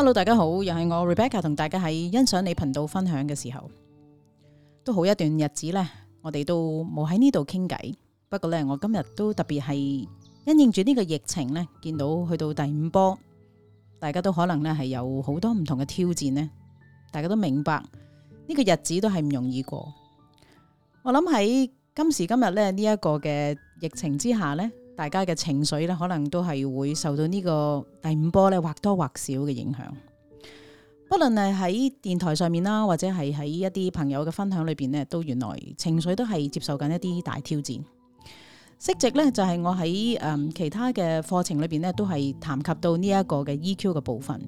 hello，大家好，又係我 Rebecca 同大家喺欣賞你頻道分享嘅時候，都好一段日子咧，我哋都冇喺呢度傾偈。不過咧，我今日都特別係因應住呢個疫情咧，見到去到第五波，大家都可能咧係有好多唔同嘅挑戰呢。大家都明白呢個日子都係唔容易過。我諗喺今時今日咧呢一個嘅疫情之下咧。大家嘅情緒咧，可能都係會受到呢個第五波咧或多或少嘅影響。不論係喺電台上面啦，或者係喺一啲朋友嘅分享裏邊咧，都原來情緒都係接受緊一啲大挑戰。適值呢，就係我喺其他嘅課程裏邊咧，都係談及到呢一個嘅 EQ 嘅部分，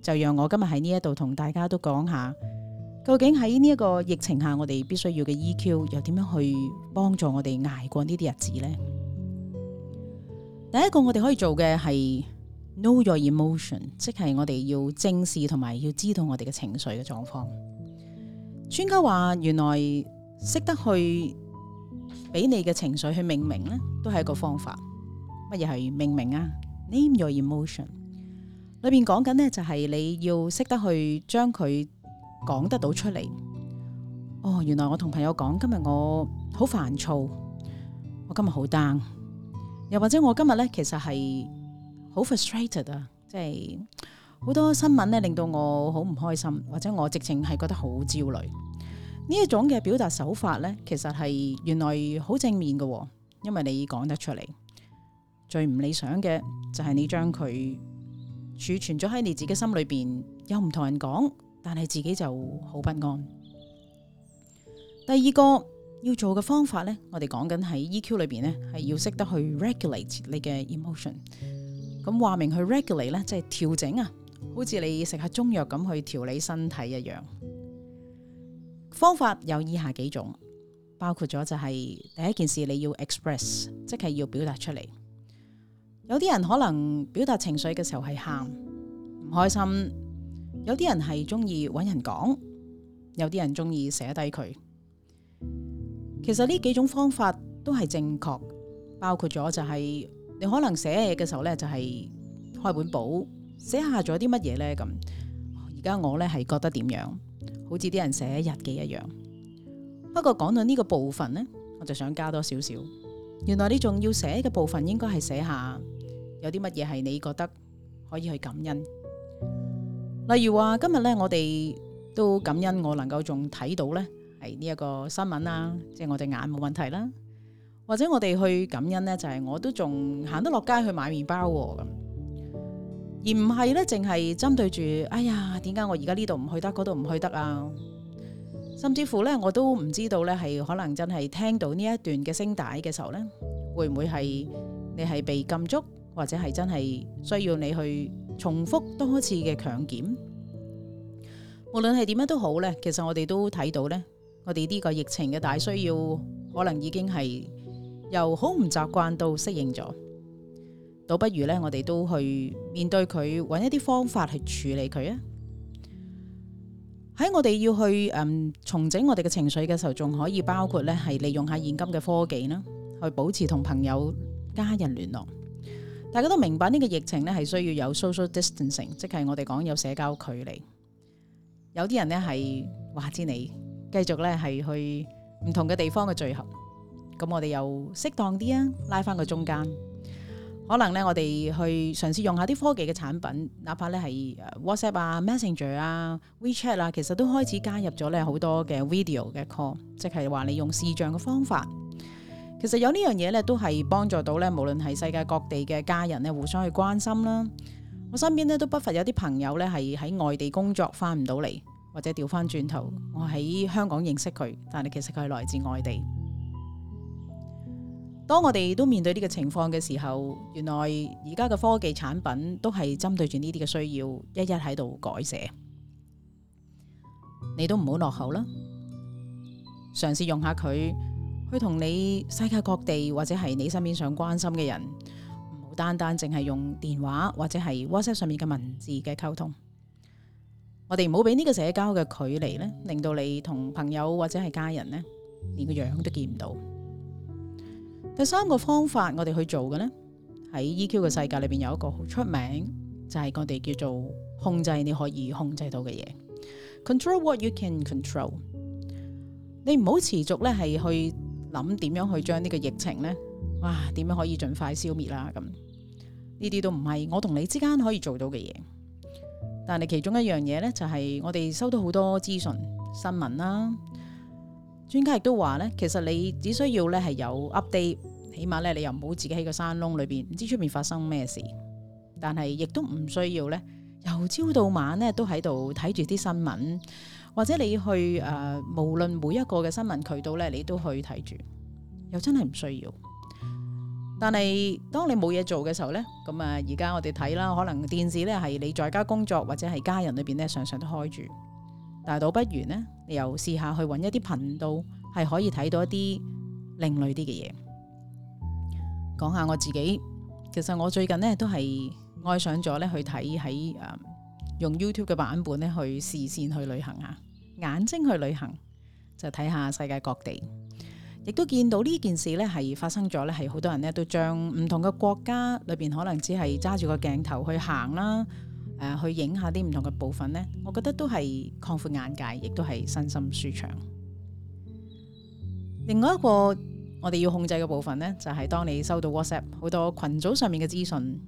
就讓我今日喺呢一度同大家都講下，究竟喺呢一個疫情下，我哋必須要嘅 EQ 又點樣去幫助我哋捱過呢啲日子呢？第一個我哋可以做嘅係 Know your emotion，即係我哋要正視同埋要知道我哋嘅情緒嘅狀況。專家話原來識得去俾你嘅情緒去命名咧，都係一個方法。乜嘢係命名啊？Name your emotion。裏邊講緊呢，就係你要識得去將佢講得到出嚟。哦，原來我同朋友講，今日我好煩躁，我今日好 down。又或者我今日咧，其實係好 frustrated 啊！即係好多新聞咧，令到我好唔開心，或者我直情係覺得好焦慮。呢一種嘅表達手法咧，其實係原來好正面嘅喎，因為你講得出嚟。最唔理想嘅就係你將佢儲存咗喺你自己心裏邊，又唔同人講，但係自己就好不安。第二個，要做嘅方法咧，我哋講緊喺 EQ 裏邊咧，係要識得去 regulate 你嘅 emotion。咁話明去 regulate 咧，即係調整啊，好似你食下中藥咁去調理身體一樣。方法有以下幾種，包括咗就係第一件事你要 express，即係要表達出嚟。有啲人可能表達情緒嘅時候係喊，唔開心；有啲人係中意搵人講；有啲人中意寫低佢。其實呢幾種方法都係正確，包括咗就係你可能寫嘢嘅時候咧，就係開本簿寫下咗啲乜嘢咧。咁而家我咧係覺得點樣？好似啲人寫日記一樣。不過講到呢個部分咧，我就想加多少少。原來你仲要寫嘅部分，應該係寫下有啲乜嘢係你覺得可以去感恩。例如話今日咧，我哋都感恩我能夠仲睇到咧。係呢一個新聞啦，即係我對眼冇問題啦，或者我哋去感恩呢，就係我都仲行得落街去買麵包喎，咁，而唔係呢，淨係針對住，哎呀，點解我而家呢度唔去得，嗰度唔去得啊？甚至乎呢，我都唔知道呢，係可能真係聽到呢一段嘅聲帶嘅時候呢，會唔會係你係被禁足，或者係真係需要你去重複多次嘅強檢？無論係點樣都好呢，其實我哋都睇到呢。我哋呢個疫情嘅大需要，可能已經係由好唔習慣到適應咗，倒不如咧，我哋都去面對佢，揾一啲方法去處理佢啊。喺我哋要去誒、嗯、重整我哋嘅情緒嘅時候，仲可以包括咧，係利用下現今嘅科技啦，去保持同朋友家人聯絡。大家都明白呢個疫情咧係需要有 social distancing，即係我哋講有社交距離。有啲人咧係話知你。繼續咧係去唔同嘅地方嘅聚合，咁我哋又適當啲啊，拉翻個中間。可能咧我哋去嘗試用下啲科技嘅產品，哪怕咧係 WhatsApp 啊、Messenger 啊、WeChat 啊，其實都開始加入咗咧好多嘅 video 嘅 call，即係話你用視像嘅方法。其實有呢樣嘢咧，都係幫助到咧，無論係世界各地嘅家人咧，互相去關心啦。我身邊咧都不乏有啲朋友咧，係喺外地工作翻唔到嚟。或者調翻轉頭，我喺香港認識佢，但係其實佢係來自外地。當我哋都面對呢個情況嘅時候，原來而家嘅科技產品都係針對住呢啲嘅需要，一一喺度改寫。你都唔好落後啦，嘗試用下佢，去同你世界各地或者係你身邊想關心嘅人，唔好單單淨係用電話或者係 WhatsApp 上面嘅文字嘅溝通。我哋唔好俾呢個社交嘅距離咧，令到你同朋友或者係家人咧，連個樣都見唔到。第三個方法我哋去做嘅咧，喺 EQ 嘅世界裏邊有一個好出名，就係我哋叫做控制你可以控制到嘅嘢，control what you can control。你唔好持續咧係去諗點樣去將呢個疫情咧，哇，點樣可以盡快消滅啦咁，呢啲都唔係我同你之間可以做到嘅嘢。但係其中一樣嘢咧，就係我哋收到好多資訊、新聞啦。專家亦都話咧，其實你只需要咧係有 update，起碼咧你又唔好自己喺個山窿裏邊唔知出面發生咩事。但係亦都唔需要咧，由朝到晚咧都喺度睇住啲新聞，或者你去誒、呃、無論每一個嘅新聞渠道咧，你都去睇住，又真係唔需要。但係，當你冇嘢做嘅時候呢，咁啊，而家我哋睇啦，可能電視呢係你在家工作或者係家人裏邊呢，常常都開住。但倒不如呢，你又試下去揾一啲頻道係可以睇到一啲另類啲嘅嘢。講下我自己，其實我最近呢都係愛上咗呢去睇喺用 YouTube 嘅版本呢去視線去旅行啊，眼睛去旅行就睇下世界各地。亦都見到呢件事呢係發生咗呢，係好多人呢都將唔同嘅國家裏邊可能只係揸住個鏡頭去行啦，啊，誒、呃、去影下啲唔同嘅部分呢，我覺得都係擴闊眼界，亦都係身心舒暢。另外一個我哋要控制嘅部分呢，就係、是、當你收到 WhatsApp 好多群組上面嘅資訊，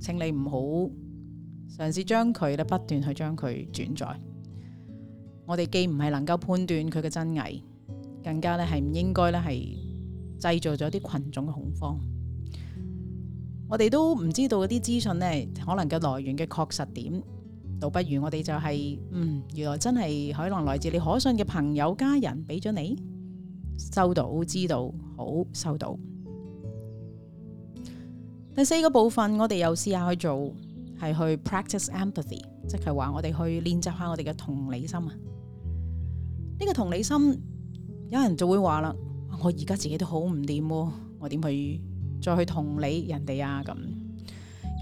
請你唔好嘗試將佢咧不斷去將佢轉載。我哋既唔係能夠判斷佢嘅真偽。更加咧係唔應該咧係製造咗啲群眾嘅恐慌。我哋都唔知道嗰啲資訊咧，可能嘅來源嘅確實點，倒不如我哋就係嗯，原來真係可能來自你可信嘅朋友家人，俾咗你收到，知道好收到。第四個部分我哋又試下去做係去 practice empathy，即係話我哋去練習下我哋嘅同理心啊。呢個同理心。有人就會話啦，我而家自己都好唔掂喎，我點去再去同理人哋啊？咁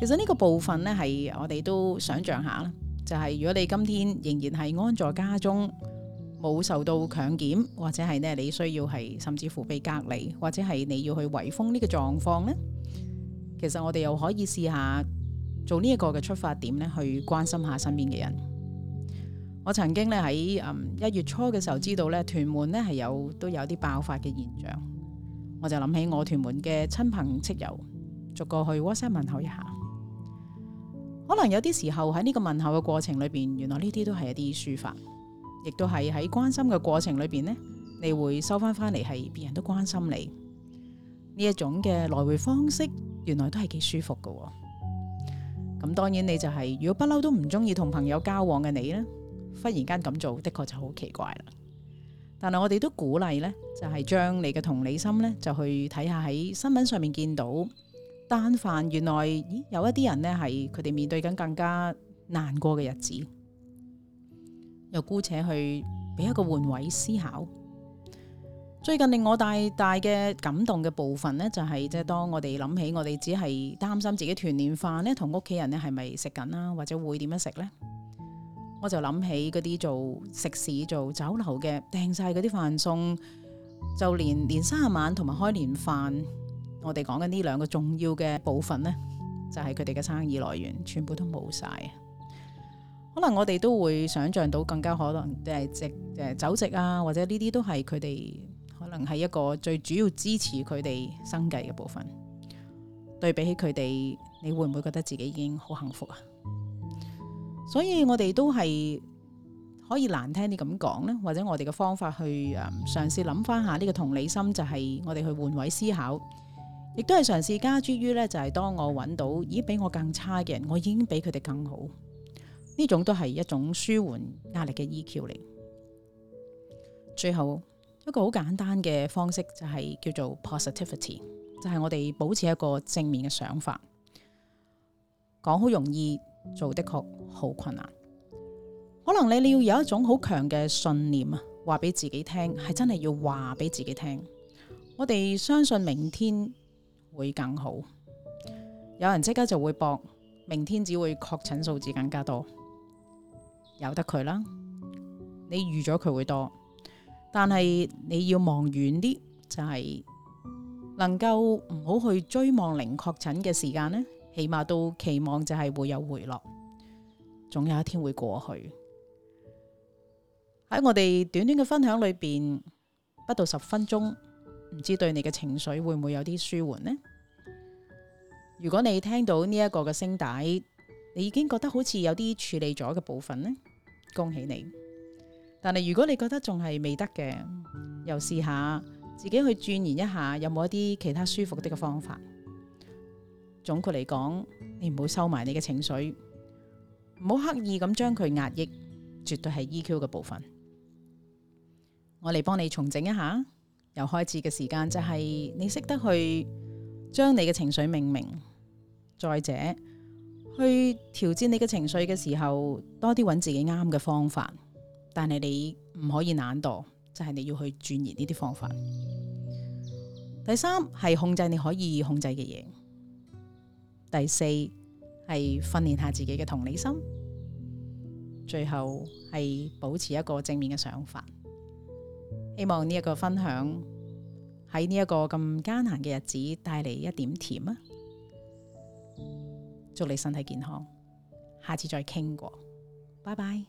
其實呢個部分呢，係我哋都想象下啦。就係、係、如果你今天仍然係安在家中，冇受到強檢，或者係呢你需要係甚至乎被隔離，或者係你要去圍封呢個狀況呢，其實我哋又可以試下做呢一個嘅出發點呢，去關心下身邊嘅人。我曾經咧喺一月初嘅時候知道咧，屯門咧係有都有啲爆發嘅現象。我就諗起我屯門嘅親朋戚友，逐個去 WhatsApp 問候一下。可能有啲時候喺呢個問候嘅過程裏邊，原來呢啲都係一啲抒發，亦都係喺關心嘅過程裏邊呢，你會收翻翻嚟，係別人都關心你呢一種嘅來回方式。原來都係幾舒服嘅。咁當然你就係如果不嬲都唔中意同朋友交往嘅你咧。忽然間咁做的確就好奇怪啦，但係我哋都鼓勵呢，就係、是、將你嘅同理心呢，就去睇下喺新聞上面見到但凡原來，咦，有一啲人呢，係佢哋面對緊更加難過嘅日子，又姑且去俾一個換位思考。最近令我大大嘅感動嘅部分呢，就係即係當我哋諗起我哋只係擔心自己團年飯呢，同屋企人呢，係咪食緊啦，或者會點樣食呢？我就諗起嗰啲做食肆、做酒樓嘅訂晒嗰啲飯餸，就連年卅晚同埋開年飯，我哋講緊呢兩個重要嘅部分呢，就係佢哋嘅生意來源，全部都冇晒。可能我哋都會想象到更加可能，即係，即係酒席啊，或者呢啲都係佢哋可能係一個最主要支持佢哋生計嘅部分。對比起佢哋，你會唔會覺得自己已經好幸福啊？所以我哋都係可以難聽啲咁講咧，或者我哋嘅方法去誒嘗試諗翻下呢個同理心，就係我哋去換位思考，亦都係嘗試加諸於，呢就係當我揾到已經比我更差嘅人，我已經比佢哋更好，呢種都係一種舒緩壓力嘅 EQ 嚟。最後一個好簡單嘅方式就係叫做 positivity，就係我哋保持一個正面嘅想法。講好容易，做的確。好困難，可能你你要有一種好強嘅信念啊，話俾自己聽，係真係要話俾自己聽。我哋相信明天會更好。有人即刻就會搏，明天只會確診數字更加多，由得佢啦。你預咗佢會多，但係你要望遠啲，就係能夠唔好去追望零確診嘅時間呢，起碼到期望就係會有回落。總有一天會過去。喺我哋短短嘅分享裏邊，不到十分鐘，唔知對你嘅情緒會唔會有啲舒緩呢？如果你聽到呢一個嘅聲帶，你已經覺得好似有啲處理咗嘅部分呢，恭喜你。但係如果你覺得仲係未得嘅，又試下自己去鑽研一下，有冇一啲其他舒服啲嘅方法？總括嚟講，你唔好收埋你嘅情緒。唔好刻意咁將佢壓抑，絕對係 EQ 嘅部分。我嚟幫你重整一下，由開始嘅時間就係你識得去將你嘅情緒命名，再者去調節你嘅情緒嘅時候，多啲揾自己啱嘅方法。但係你唔可以懶惰，就係你要去轉移呢啲方法。第三係控制你可以控制嘅嘢。第四。係訓練下自己嘅同理心，最後係保持一個正面嘅想法。希望呢一個分享喺呢一個咁艱難嘅日子帶嚟一點甜啊！祝你身體健康，下次再傾過，拜拜。